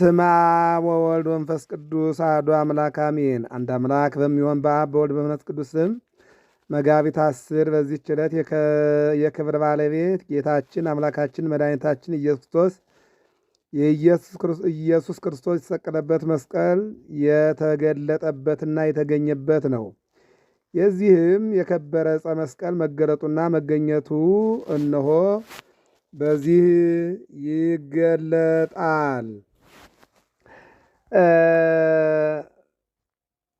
ስማ ወወልድ መንፈስ ቅዱስ አሐዱ አምላክ አሜን። አንድ አምላክ በሚሆን በአብ በወልድ በመንፈስ ቅዱስ ስም መጋቢት አስር በዚህች ዕለት የክብር ባለቤት ጌታችን አምላካችን መድኃኒታችን ኢየሱስ ክርስቶስ የተሰቀለበት መስቀል የተገለጠበትና የተገኘበት ነው። የዚህም የከበረ ዕፀ መስቀል መገለጡና መገኘቱ እነሆ በዚህ ይገለጣል።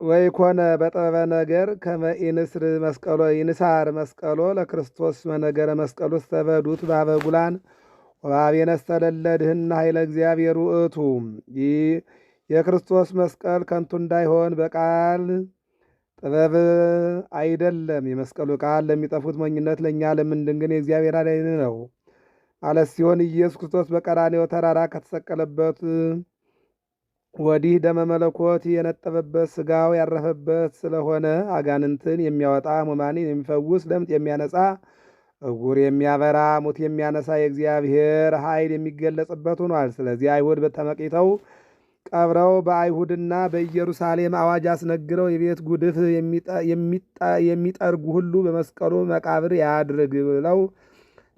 ወይኮነ በጥበበ ነገር ከመ ኢንስር መስቀሎ ይንሳር መስቀሎ ለክርስቶስ መነገረ መስቀሎ ስተበዱት ባበጉላን ድህና ኃይለ እግዚአብሔር ውእቱ የክርስቶስ መስቀል ከንቱ እንዳይሆን በቃል ጥበብ አይደለም። የመስቀሉ ቃል ለሚጠፉት ሞኝነት፣ ለእኛ ለምንድን ግን የእግዚአብሔር ኃይል ነው ማለት ሲሆን ኢየሱስ ክርስቶስ በቀራኔው ተራራ ከተሰቀለበት ወዲህ ደመ መለኮት የነጠበበት ስጋው ያረፈበት ስለሆነ አጋንንትን የሚያወጣ ሕሙማንን የሚፈውስ ለምጥ የሚያነጻ እጉር የሚያበራ ሙት የሚያነሳ የእግዚአብሔር ኃይል የሚገለጽበት ሆኗል። ስለዚህ አይሁድ በተመቂተው ቀብረው በአይሁድና በኢየሩሳሌም አዋጅ አስነግረው የቤት ጉድፍ የሚጠርጉ ሁሉ በመስቀሉ መቃብር ያድርግ ብለው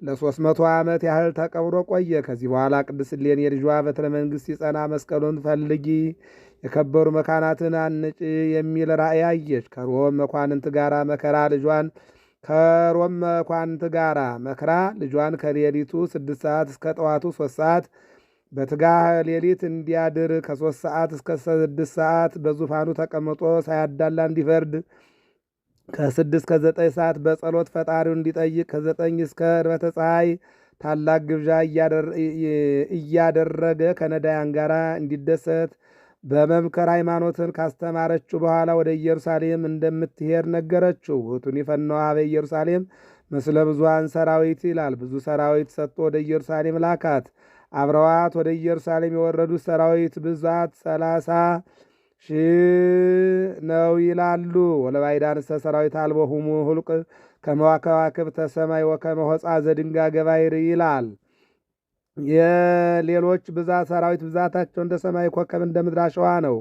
ለሶስት መቶ ዓመት ያህል ተቀብሮ ቆየ። ከዚህ በኋላ ቅድስት እሌኒ የልጇ በትረ መንግሥት ይጸና፣ መስቀሉን ፈልጊ፣ የከበሩ መካናትን አንጭ የሚል ራእይ አየች። ከሮም መኳንንት ጋራ መከራ ልጇን ከሮም መኳንንት ጋር መከራ ልጇን ከሌሊቱ ስድስት ሰዓት እስከ ጠዋቱ ሶስት ሰዓት በትጋህ ሌሊት እንዲያድር ከሶስት ሰዓት እስከ ስድስት ሰዓት በዙፋኑ ተቀምጦ ሳያዳላ እንዲፈርድ ከስድስት ከዘጠኝ ሰዓት በጸሎት ፈጣሪው እንዲጠይቅ ከዘጠኝ እስከ ዕርበተ ፀሐይ ታላቅ ግብዣ እያደረገ ከነዳያን ጋር እንዲደሰት በመምከር ሃይማኖትን ካስተማረችው በኋላ ወደ ኢየሩሳሌም እንደምትሄድ ነገረችው። ውእቱኒ ፈነወ ኀበ ኢየሩሳሌም ምስለ ብዙኃን ሰራዊት ይላል። ብዙ ሰራዊት ሰጥቶ ወደ ኢየሩሳሌም ላካት። አብረዋት ወደ ኢየሩሳሌም የወረዱት ሰራዊት ብዛት ሰላሳ ሺህ ነው ይላሉ። ወለባይዳንሰ ሰራዊት አልቦ ሁሙ ሁልቅ ከመዋከዋክብተ ሰማይ ወከመሆፃ ዘድንጋ ገባይር ይላል። የሌሎች ብዛት ሰራዊት ብዛታቸው እንደ ሰማይ ኮከብ እንደ ምድር አሸዋ ነው።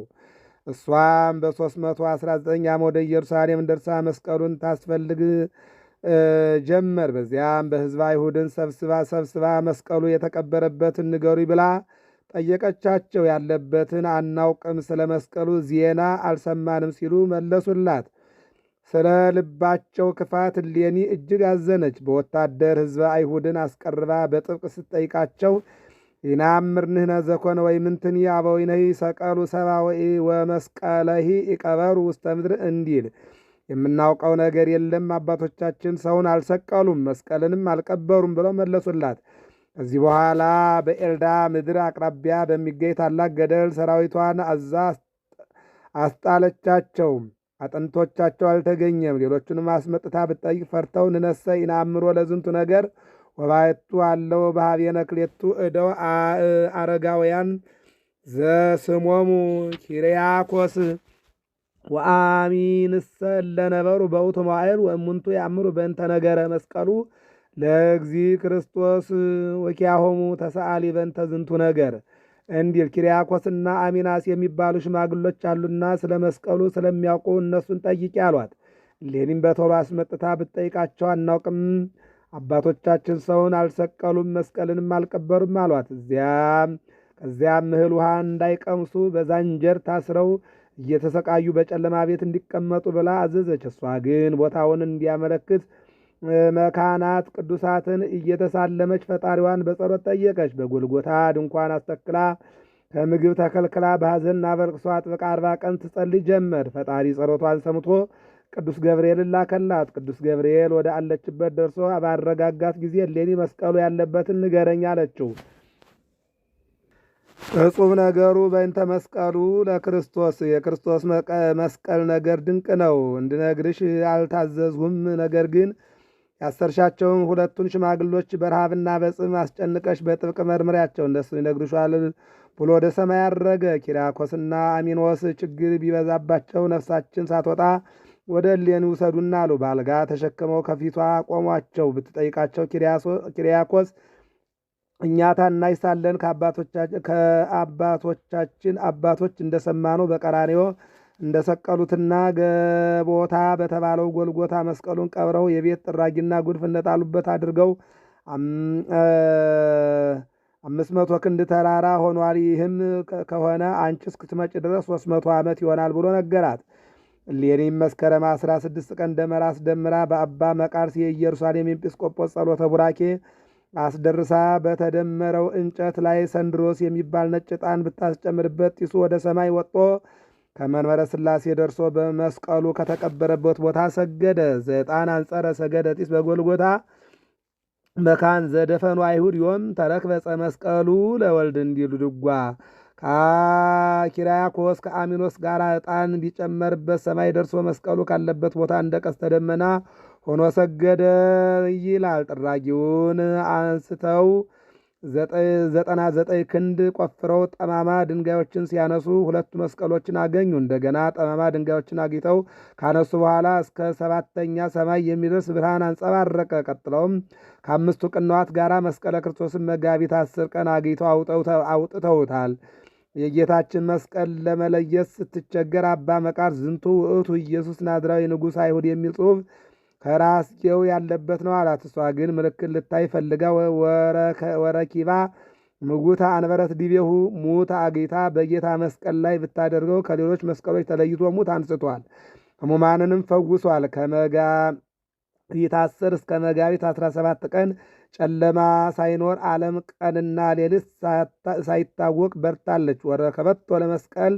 እሷም በ319 ዓም ወደ ኢየሩሳሌም ደርሳ መስቀሉን ታስፈልግ ጀመር። በዚያም በሕዝበ አይሁድን ሰብስባ ሰብስባ መስቀሉ የተቀበረበትን ንገሩ ብላ ጠየቀቻቸው። ያለበትን አናውቅም፣ ስለ መስቀሉ ዜና አልሰማንም ሲሉ መለሱላት። ስለ ልባቸው ክፋት ሌኒ እጅግ አዘነች። በወታደር ህዝበ አይሁድን አስቀርባ በጥብቅ ስትጠይቃቸው ኢናምርንህነ ዘኮነ ወይ ምንትን አበዊነሂ ሰቀሉ ሰባ ወይ ወመስቀለሂ ይቀበሩ ውስተ ምድር እንዲል የምናውቀው ነገር የለም አባቶቻችን ሰውን አልሰቀሉም መስቀልንም አልቀበሩም ብለው መለሱላት። ከዚህ በኋላ በኤልዳ ምድር አቅራቢያ በሚገኝ ታላቅ ገደል ሰራዊቷን አዛ አስጣለቻቸው። አጥንቶቻቸው አልተገኘም። ሌሎቹንም አስመጥታ ብትጠይቅ ፈርተው ንነሰ ኢናምሮ ለዝንቱ ነገር ወባየቱ አለው ባህቤነ ክሌቱ እደው አረጋውያን ዘስሞሙ ኪርያኮስ ወአሚንሰ ለነበሩ በውቱ መዋዕል ወእሙንቱ ያምሩ በእንተ ነገረ መስቀሉ ለእግዚ ክርስቶስ ወኪያሆሙ ተሰአሊ በእንተ ዝንቱ ነገር እንዲል ኪርያኮስና አሚናስ የሚባሉ ሽማግሎች አሉና ስለ መስቀሉ ስለሚያውቁ እነሱን ጠይቂ አሏት። ሌኒም በቶሎ አስመጥታ ብትጠይቃቸው አናውቅም፣ አባቶቻችን ሰውን አልሰቀሉም፣ መስቀልንም አልቀበሩም አሏት። እዚያም ከዚያም እህል ውሃ እንዳይቀምሱ በዛንጀር ታስረው እየተሰቃዩ በጨለማ ቤት እንዲቀመጡ ብላ አዘዘች። እሷ ግን ቦታውን እንዲያመለክት መካናት ቅዱሳትን እየተሳለመች ፈጣሪዋን በጸሎት ጠየቀች። በጎልጎታ ድንኳን አስተክላ ከምግብ ተከልክላ በሐዘንና በልቅሶ አጥብቃ አርባ ቀን ትጸልይ ጀመር። ፈጣሪ ጸሎቷን ሰምቶ ቅዱስ ገብርኤል ላከላት። ቅዱስ ገብርኤል ወደ አለችበት ደርሶ ባረጋጋት ጊዜ እሌኒ መስቀሉ ያለበትን ንገረኝ አለችው። እጹብ ነገሩ በእንተ መስቀሉ ለክርስቶስ የክርስቶስ መስቀል ነገር ድንቅ ነው። እንድነግርሽ አልታዘዝሁም፣ ነገር ግን ያሰርሻቸውን ሁለቱን ሽማግሎች በረሃብና በጽም አስጨንቀሽ በጥብቅ መርምሪያቸው እንደሱ ይነግሩሻል ብሎ ወደ ሰማይ አረገ። ኪራኮስና አሚኖስ ችግር ቢበዛባቸው ነፍሳችን ሳትወጣ ወደ እሌን ውሰዱና አሉ። በአልጋ ተሸክመው ከፊቷ ቆሟቸው። ብትጠይቃቸው ኪሪያኮስ እኛ ታናሽ ሳለን ከአባቶቻችን አባቶች እንደሰማነው በቀራኔዎ እንደ ሰቀሉትና ገቦታ በተባለው ጎልጎታ መስቀሉን ቀብረው የቤት ጥራጊና ጉድፍ እንደጣሉበት አድርገው አምስት መቶ ክንድ ተራራ ሆኗል። ይህም ከሆነ አንቺ እስክትመጪ ድረስ ሶስት መቶ ዓመት ይሆናል ብሎ ነገራት። ሌኒም መስከረም አስራ ስድስት ቀን ደመራ አስደምራ በአባ መቃርስ የኢየሩሳሌም ኤጲስቆጶስ ጸሎተ ቡራኬ አስደርሳ በተደመረው እንጨት ላይ ሰንድሮስ የሚባል ነጭ ዕጣን ብታስጨምርበት ጢሱ ወደ ሰማይ ወጥቶ ከመንበረ ስላሴ ደርሶ በመስቀሉ ከተቀበረበት ቦታ ሰገደ። ዘጣን አንጸረ ሰገደ ጢስ በጎልጎታ መካን ዘደፈኑ አይሁድ ዮም ተረክበፀ መስቀሉ ለወልድ እንዲሉ ድጓ ከኪራያኮስ ከአሚኖስ ጋር ዕጣን ቢጨመርበት ሰማይ ደርሶ መስቀሉ ካለበት ቦታ እንደ ቀስተ ደመና ሆኖ ሰገደ ይላል። ጥራጊውን አንስተው ዘጠና ዘጠኝ ክንድ ቆፍረው ጠማማ ድንጋዮችን ሲያነሱ ሁለቱ መስቀሎችን አገኙ። እንደገና ጠማማ ድንጋዮችን አግኝተው ካነሱ በኋላ እስከ ሰባተኛ ሰማይ የሚደርስ ብርሃን አንጸባረቀ። ቀጥለውም ከአምስቱ ቅንዋት ጋር መስቀለ ክርስቶስን መጋቢት አስር ቀን አግኝተው አውጥተውታል። የጌታችን መስቀል ለመለየት ስትቸገር አባ መቃር ዝንቱ ውእቱ ኢየሱስ ናዝራዊ ንጉሥ አይሁድ የሚል ጽሑፍ ከራስጌው ያለበት ነው አላት። እሷ ግን ምልክት ልታይ ፈልጋ ወረኪባ ምጉታ አንበረት ዲቤሁ ሙት አጌታ በጌታ መስቀል ላይ ብታደርገው ከሌሎች መስቀሎች ተለይቶ ሙት አንስቷል። ሕሙማንንም ፈውሷል። ከመጋቢት አስር እስከ መጋቢት አስራ ሰባት ቀን ጨለማ ሳይኖር ዓለም ቀንና ሌሊት ሳይታወቅ በርታለች። ወረከበቶ ለመስቀል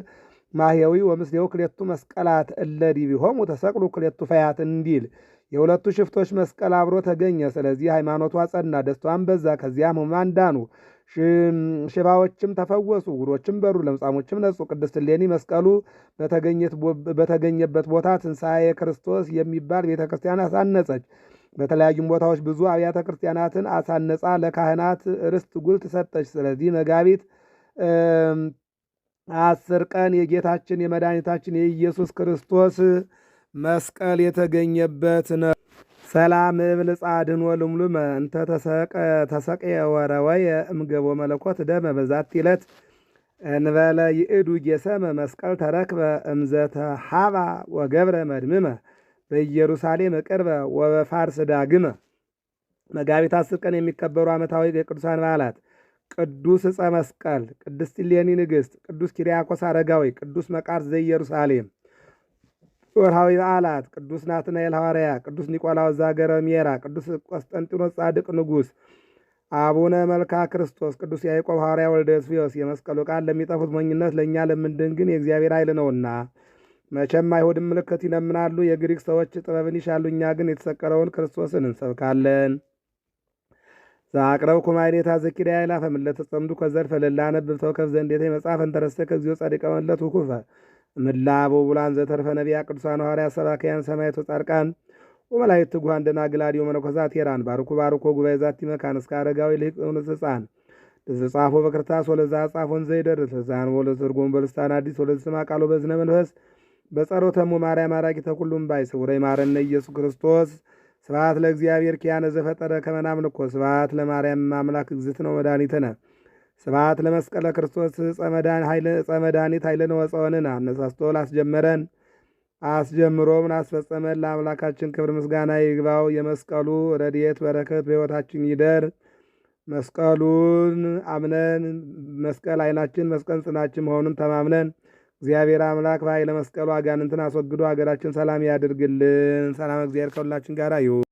ማህያዊ ወምስሌው ክሌቱ መስቀላት እለ ዲቢሆሙ ተሰቅሉ ክሌቱ ፈያት እንዲል የሁለቱ ሽፍቶች መስቀል አብሮ ተገኘ። ስለዚህ ሃይማኖቷ ጸና፣ ደስቷን በዛ። ከዚያም ሕሙማን ዳኑ፣ ሽባዎችም ተፈወሱ፣ ዕውሮችም በሩ፣ ለምጻሞችም ነጹ። ቅድስት እሌኒ መስቀሉ በተገኘበት ቦታ ትንሣኤ ክርስቶስ የሚባል ቤተ ክርስቲያን አሳነጸች። በተለያዩም ቦታዎች ብዙ አብያተ ክርስቲያናትን አሳነጻ፣ ለካህናት ርስት ጉልት ሰጠች። ስለዚህ መጋቢት አስር ቀን የጌታችን የመድኃኒታችን የኢየሱስ ክርስቶስ መስቀል የተገኘበት ነው። ሰላም እብል ጻድን ወልምሉመ እንተ ተሰቀየ ወረወየ እምገቦ መለኮት ደመ በዛት ይለት እንበለ ይእዱ ጌሰመ መስቀል ተረክበ እምዘተ ሀባ ወገብረ መድምመ በኢየሩሳሌም ቅርበ ወበፋርስ ዳግመ። መጋቢት አስር ቀን የሚከበሩ ዓመታዊ የቅዱሳን በዓላት ቅዱስ ዕፀ መስቀል፣ ቅድስት ንግስት ንግሥት፣ ቅዱስ ኪሪያቆስ አረጋዊ፣ ቅዱስ መቃርስ ዘኢየሩሳሌም ወርሃዊ በዓላት ቅዱስ ናትናኤል ሐዋርያ፣ ቅዱስ ኒቆላዎስ ዛገረ ሜራ፣ ቅዱስ ቆስጠንጢኖስ ጻድቅ ንጉሥ፣ አቡነ መልካ ክርስቶስ፣ ቅዱስ ያዕቆብ ሐዋርያ ወልደ ዮስፍዮስ። የመስቀሉ ቃል ለሚጠፉት ሞኝነት፣ ለእኛ ለምንድን ግን የእግዚአብሔር ኃይል ነውና። መቼም አይሁድን ምልክት ይለምናሉ፣ የግሪክ ሰዎች ጥበብን ይሻሉ፣ እኛ ግን የተሰቀለውን ክርስቶስን እንሰብካለን። ዛቅረብ ኩማይኔታ ዘኪዳ ይላፈ ምለተጸምዱ ከዘርፈ ለላነብብ ተወከፍ ዘንዴታ መጽሐፍ እንተረሰ ከዚዮ ጸድቀ መለት ውኩፈ እምላበ ውቡላን ዘተርፈ ነቢያ ቅዱሳን ሐዋርያት ሰባክያን ሰማዕታት ጻድቃን ወመላእክት ትጉሃን ደናግል አድዮ መነኮሳት የራን ባርኩ ባርኮ ጉባኤ ዛቲ መካን እስከ አረጋዊ ልሂቅ እውነት ሕፃን ጻፎ በክርታስ ወለዛ ጻፎን ዘይደርስ ሕፃን ወለዝ ትርጉም በልስታን አዲስ ወለዝ ስማ ቃሎ በዝነ መንፈስ በጸሮተሙ ማርያም አራቂ ተኩሉም ባይ ስውረይ ማረነ ኢየሱስ ክርስቶስ ስብሐት ለእግዚአብሔር ኪያነ ዘፈጠረ ከመ ናምልኮ ስብሐት ለማርያም አምላክ እግዝእትነ ወመድኃኒትነ ስብሐት ለመስቀለ ክርስቶስ ዕፀ መድኃኒት ኃይልን ወፀወንን አነሳስቶ ላስጀመረን አስጀምሮም ላስፈጸመን ለአምላካችን ክብር ምስጋና ይግባው። የመስቀሉ ረድኤት በረከት በሕይወታችን ይደር። መስቀሉን አምነን መስቀል ዓይናችን መስቀል ጽናችን መሆኑን ተማምነን እግዚአብሔር አምላክ በኃይለ መስቀሉ አጋንንትን አስወግዶ አገራችን ሰላም ያድርግልን። ሰላም እግዚአብሔር ከሁላችን ጋር ይሁን።